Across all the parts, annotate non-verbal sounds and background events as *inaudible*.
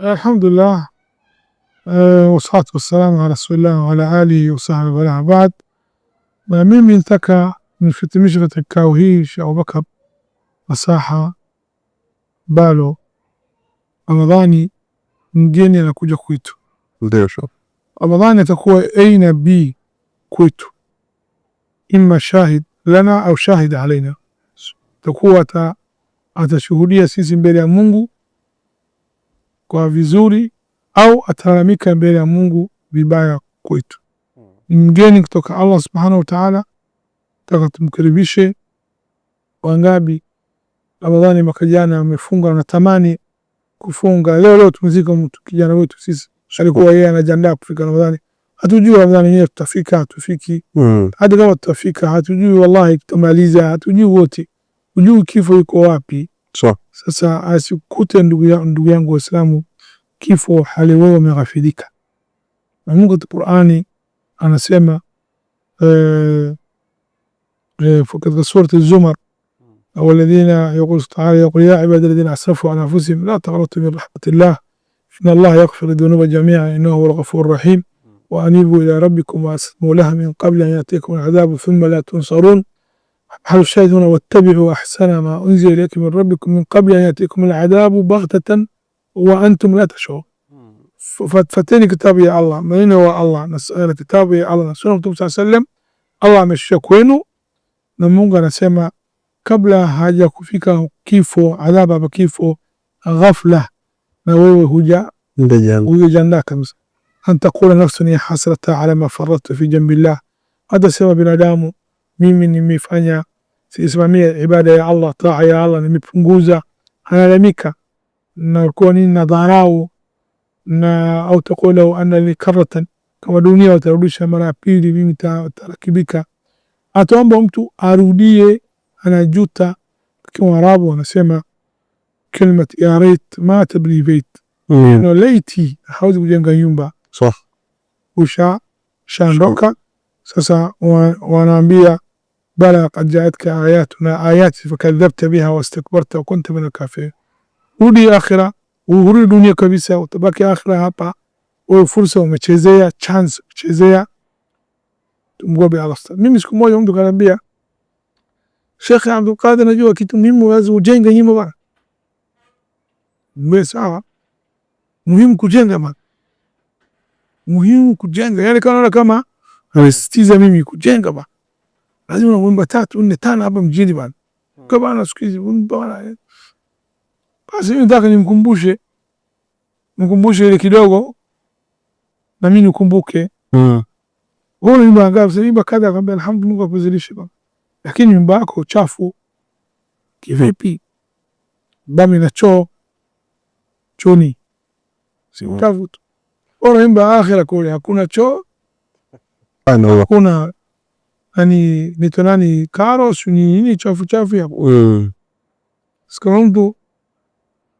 الحمد لله آه، والصلاة والسلام على رسول الله وعلى آله وصحبه وعلى بعد ما من من تكا من فت مشرة الكاوهيش أو بكب مساحة بالو رمضاني نجيني لكوجا كويتو ديو شو رمضاني تكوى أين بي كويتو إما شاهد لنا أو شاهد علينا تكوى تا أتشهودية سيسي بيريا مونغو kwa vizuri au atalalamika mbele ya Mungu vibaya kwetu. mgeni kutoka Allah subhanahu wa taala, taka tumkaribishe. Wangapi Ramadhani mwaka jana amefunga na tamani kufunga leo leo, tumezika mtu kijana wetu sisi, alikuwa yeye anajiandaa kufika Ramadhani. Hatujui Ramadhani yenyewe tutafika hatufiki, hmm. hata kama tutafika hatujui, wallahi tutamaliza, hatujui wote, ujui kifo iko wapi sawa. Sasa asikute ndugu ndugu yangu Waislamu, kifo hali wewe umeghafilika na Mungu. Katika Qur'ani anasema eh eh katika az Zumar, alladhina yaqulu ta'ala yaqul ya ibadi alladhina asrafu ala anfusihim la taqnatu min rahmatillah inna allaha yaghfiru dhunuba jami'a innahu huwal ghafurur rahim wa anibu ila rabbikum wa aslimu lahu min qabli an ya'tiyakum al'adhabu thumma la tunsarun هل شاهدون واتبعوا أحسن ما أنزل إليكم من ربكم من قبل أن يأتيكم العذاب بغتة وأنتم لا تشعرون فاتني كتاب يا الله من هو الله نسأل كتاب يا الله نسأل صلى الله عليه وسلم الله مش كوينو نمونغا نسيما قبل هاجا كفيكا كيفو عذابا بكيفو غفلة نووي هجا ويجا أن تقول نفسني حسرة على ما فرطت في جنب الله هذا سيما بن mimi nimefanya sisimamia ibada ya Allah, taa ya Allah nimepunguza, analalamika na kuwa nini na dharau na au takuwa lau ana li karatan, kama dunia watarudisha mara ya pili, mimi tarakibika. Ataomba mtu arudie, anajuta. Lakini Waarabu wanasema kelmat ya reit ma tabni beit, neno laiti hawezi kujenga nyumba. Usha shandoka sasa, wanaambia bala kad jaatka ayatuna ayati fakadhabta biha wastakbarta wakunta min alkafirin. Rudi akhira, uhurudi dunia kabisa, utabaki akhira hapa. Wewe fursa umechezea, chance umechezea, tumgobe Allah. Mimi siku moja mtu kaniambia, Sheikh Abdul Qadir, najua kitu muhimu lazima ujenge nyumba bana. Mwe sawa, muhimu kujenga bana, muhimu kujenga. Yani kanaona kama anasisitiza mimi kujenga bana lazima na mwimba tatu nne tano hapa mjini bana hmm. kwa bana siku hizi bana. Basi mimi nataka nimkumbushe, nikumbushe ile kidogo, na mimi nikumbuke. Mm. Wewe unaimba ngapi? Sasa nimba kadha, akamwambia alhamdulillah Mungu zilishe bana, lakini nyumba yako chafu kivipi? Bami na choo choni si hmm. utavuta. Wewe unaimba akhira kule hakuna choo, hakuna Yaani nani vitu nani ni nini chafu chafu ya mm. Eh. Sikama mtu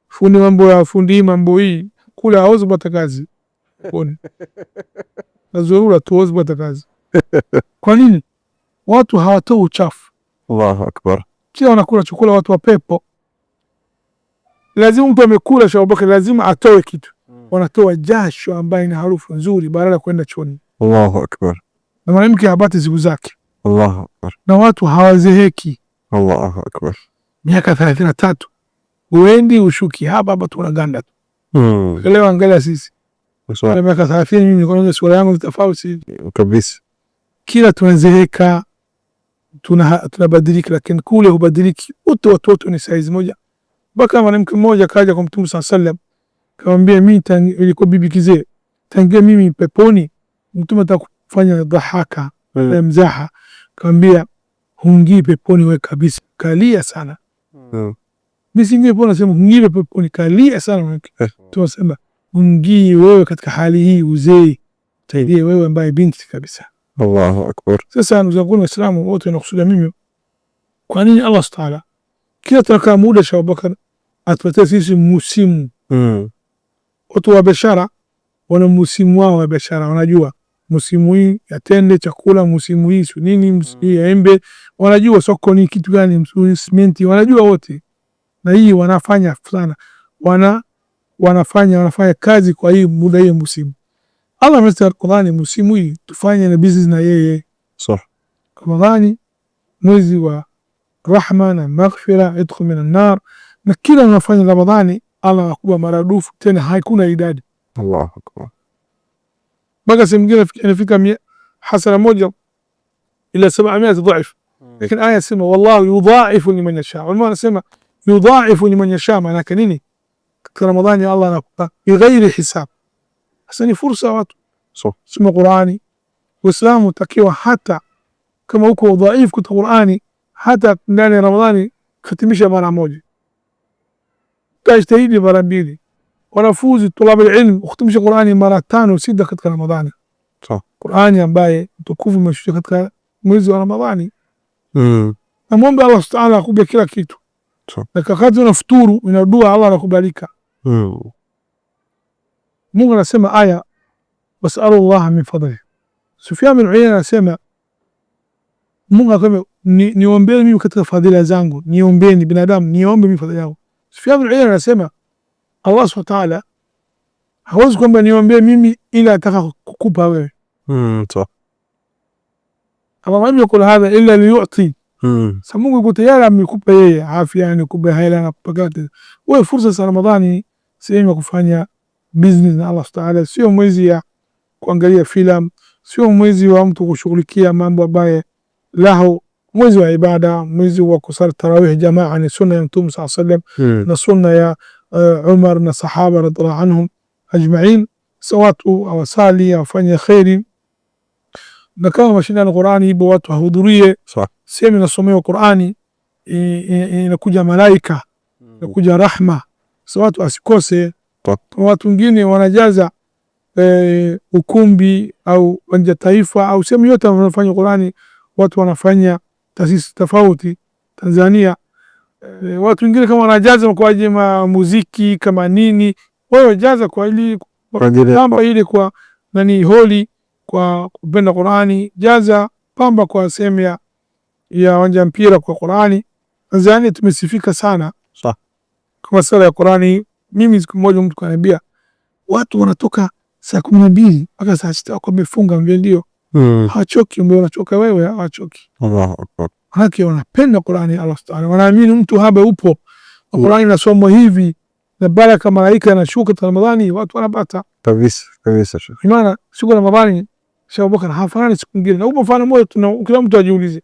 fundi mambo ya fundi mambo hii kule hawezi kupata kazi pone *laughs* nazurura tuwezi kupata kazi. Kwa nini watu hawatoi uchafu? Allahu akbar, kila wanakula chakula watu wa pepo. Lazima mtu amekula shauboke, lazima atoe kitu mm. Wanatoa jasho ambayo ina harufu nzuri badala ya kwenda chooni. Allahu akbar, na mwanamke habati siku zake Allahu akbar. Na watu hawazeheki. Allahu akbar. Miaka thelathini na tatu uendi ushuki hapa hapa tuna ganda tu. Mm. Leo angalia sisi kwa miaka thelathini mimi nikaona sura yangu ni tofauti kabisa. Kila tunazeheka tunabadilika, tuna lakini kule hubadiliki. Wote watoto ni saizi moja, mpaka mwanamke mmoja kaja kwa Mtume saa sallam kamwambia, mi ilikuwa bibi kizee, tangia mimi peponi, Mtume atakufanya dhahaka na hmm. mzaha Kambia hungii peponi we kabisa, kalia sana mm. Misingie pona sema hungii peponi, kalia sana eh. Tunasema hungii wewe katika hali hii uzee, taidie wewe ambaye binti kabisa. Allahu akbar. Sasa ndugu zangu Waislamu wote nakusudia mimi, kwa nini Allah subhanahu wa kila tunakaa muda Shaaban Bakari atuletee sisi musimu mm. Watu wa biashara wana musimu wao wa biashara, wanajua msimu hii ya tende chakula, msimu hii si nini, msimu hii ya embe, wanajua soko ni kitu gani, msimu simenti, wanajua wote. Na hii wanafanya sana, wana wanafanya wanafanya kazi kwa hii muda hii msimu. Allah mwezi wa Qur'ani, msimu hii tufanye na business na yeye so. Ramadhani mwezi wa rahma na maghfira, idkhul min an-nar, na kila unafanya Ramadhani Allah akubwa maradufu, tena haikuna idadi. Allahu akbar. بقى سمجينا فيك مية حسنة موجة إلى 700 ضعف لكن آية سمة والله يضاعف لمن يشاء والمعنى سمة يضاعف لمن يشاء معنى كنيني رمضان يا الله نقطة بغير حساب حسني فرصة واتو صح سمة قرآني وإسلام تكيو حتى كما هو ضعيف كنت قرآني حتى ناني رمضاني ختمشة مرة موجي تاج تهيدي برامبيدي wanafunzi tulabu ilmu hutumisha Qur'ani mara tano sita katika Ramadhani. Qur'ani ambaye mtukufu umeshuka katika mwezi wa Ramadhani. Na muombe Allah Subhanahu wa ta'ala kila kitu. Na kakati unafuturu ina dua Allah anakubalika. Mungu anasema aya wasalu Allah min fadlihi. Sufyan bin Uyayna anasema Mungu akame niombeni mimi katika fadhila zangu, niombeni binadamu, niombe mimi fadhila yangu. Sufyan bin Uyayna anasema Allah subhanahu wa ta'ala hawezi kwamba niombee mimi ila ataka kukupa wewe mm, to. Ama mimi amamayakul hapa ila liyuti mm. Sasa Mungu yuko tayari amekupa yeye afya, amekupa hela na kupakata wewe fursa za Ramadhani, sehemu ya kufanya business na Allah subhanahu wa ta'ala, sio mwezi ya kuangalia filamu, sio mwezi wa mtu kushughulikia mambo ambaye lahu mwezi wa ibada, mwezi wa kusali tarawih jamaa, ni sunna ya Mtume sallallahu alaihi wasallam hmm. na sunna ya uh, na sahaba radhiallahu anhum ajmain. Sasa watu awasali hawafanye kheri, na kama mashindano Qurani hivyo watu wahudhurie, sehemu inasomewa Qurani inakuja malaika inakuja rahma. Sasa watu asikose. Watu wengine wanajaza e, ukumbi au wanja taifa au sehemu yote wanafanya Qurani, watu wanafanya taasisi tofauti Tanzania e, watu wengine kama wanajaza kwa ajili ya muziki kama nini, wao jaza kwa ili pamba ile kwa nani holi kwa kupenda Qur'ani, jaza pamba kwa sehemu ya ya wanja mpira kwa Qur'ani. Tanzania tumesifika sana sawa kwa sala ya Qur'ani. Mimi siku moja mtu kaniambia watu wanatoka saa kumi na mbili mpaka saa sita wako wamefunga, ndio mm. Hachoki, umeona choka wewe, Hawachoki, Allahu Akbar. Haki wanapenda Qur'ani Allah wanaamini mtu haba upo. Qur'ani inasomwa hivi na baraka malaika anashuka katika Ramadhani watu wanapata. Kabisa, kabisa. Maana siku ya Ramadhani Sheikh Abubakar hafanani siku nyingine. Na upo mfano mmoja tu kila mtu ajiulize.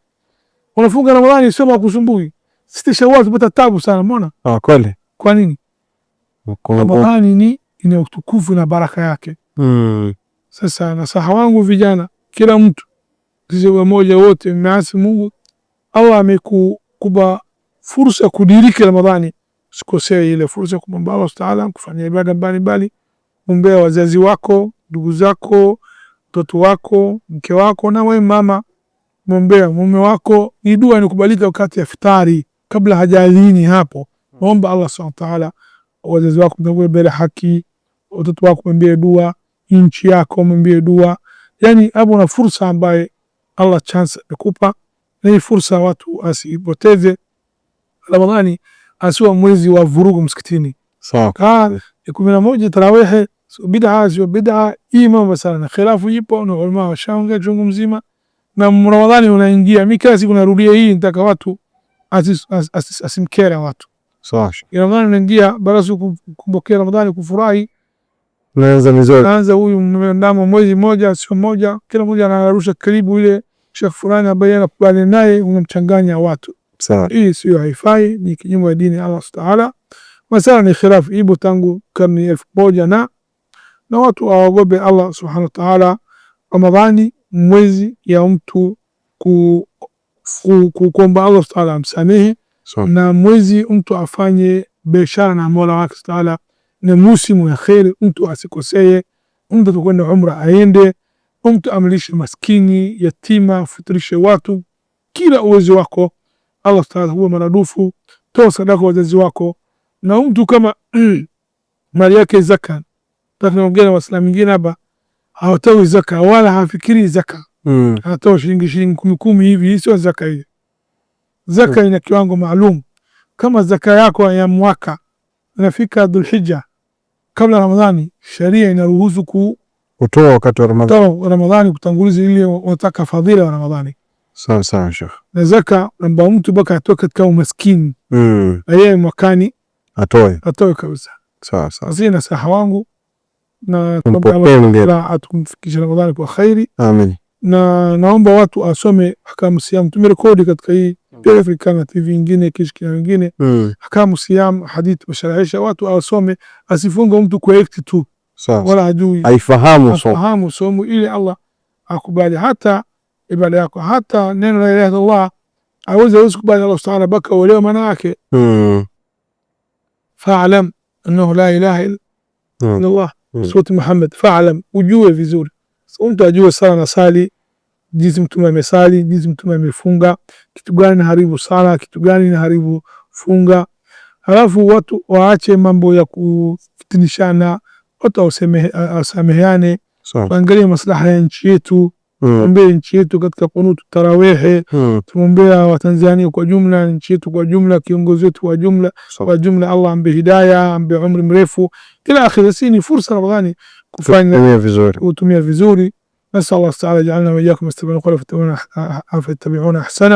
Unafunga Ramadhani sio makusumbui. Sita Shawwal tupata tabu sana mbona? Ah, kweli. Kwa nini? Ramadhani ni ina utukufu na baraka yake. Mm. Sasa nasaha wangu vijana, kila mtu sisi wamoja wote mmeasi Mungu Allah amekukupa fursa ya kudiriki Ramadhani, usikosee ile fursa ya kumwomba Allah taala kufanya ibada mbalimbali, kuombea wazazi wako, ndugu zako, mtoto wako, mke wako, na wewe mama, mwombea mume wako. Ni dua inakubalika wakati ya futari, kabla hajaadhini hapo, naomba Allah subhanahu wa ta'ala, wazazi wako mbele haki, watoto wako mwambie dua, nchi yako mwambie dua. Yani hapo una fursa ambaye Allah chance amekupa na hii fursa watu asipoteze. Ramadhani asiwa mwezi wa vurugu msikitini. Sawa. kumi na moja tarawehe sio bid'a, sio bid'a. Hii mambo na khilafu ipo na ulama washaongea chungu mzima, na Ramadhani unaingia mikasi kunarudia hii, nitaka watu asimkera watu. Sawa. Ramadhani unaingia baraza kumbokea Ramadhani kufurahi. naanza mizoe, naanza huyu ndamo mwezi moja sio moja, kila mmoja anarusha karibu ile kisha fulani ambaye anakubali naye unamchanganya watu. Sawa, hii sio haifai, ni kinyume ya dini Allah Taala. Masala ni khilafu, ipo tangu karne elfu moja na na watu waogope Allah Subhanahu wa Taala. Ramadhani mwezi ya mtu ku kuomba Allah Taala amsamehe, na mwezi mtu afanye biashara na Mola wake Taala, ni musimu ya kheri, mtu asikosee, mtu atakwenda umra aende Umtu amlishe maskini, yatima, ufuturishe watu kila uwezo wako. Allah taala huwa maradufu. Toa sadaka wazazi wako, na mtu kama *clears throat* mali yake zaka, tunaongea na waislamu wengine hapa hawatoi zaka wala hafikiri zaka mm. anatoa shilingi shilingi kumi kumi hivi, sio zaka hiyo. Zaka mm. ina kiwango maalum. Kama zaka yako ya mwaka inafika Dhulhijja kabla Ramadhani, sharia inaruhusu ku kutoa wakati wa Ramadhani, Ramadhani kutanguliza ile unataka fadhila wa Ramadhani. Sawa sawa Sheikh, na zaka namba mtu baka atoe katika umaskini mm. Aye mwakani atoe atoe kabisa. Sawa sawa, sisi saha wangu na tunaomba atumfikisha Ramadhani kwa khairi, amin. Na naomba watu asome hakamu siam, tumerekodi katika hii Africana TV nyingine kishki na wengine mm. hakamu siam hadithi washarahisha watu asome, asifunge mtu kwa ekti tu sawa, wala hajui, aifahamu somo, somo ili Allah akubali hata ibada yako, hata neno la ilaha illallah aweze aweze kubali Allah subhanahu baka uelewe maana yake mm. fa'lam annahu la ilaha illa mm. Allah Muhammad, faalam ujue vizuri. mtu ajue sala na sali jinsi mtume amesali, jinsi mtume amefunga, kitu gani naharibu sala, kitu gani naharibu funga. Halafu watu waache mambo ya kufitinishana watu wasameheane tuangalie maslaha ya nchi yetu tuombee nchi yetu katika kunutu tarawehe tuombea Watanzania kwa jumla nchi yetu kwa jumla kiongozi wetu kwa jumla kwa jumla Allah ambe hidaya ambe umri mrefu ila akhiri si ni fursa Ramadhani kufanya vizuri utumia vizuri نسأل الله تعالى يجعلنا وإياكم يستمعون قولا فيتبعون أحسنه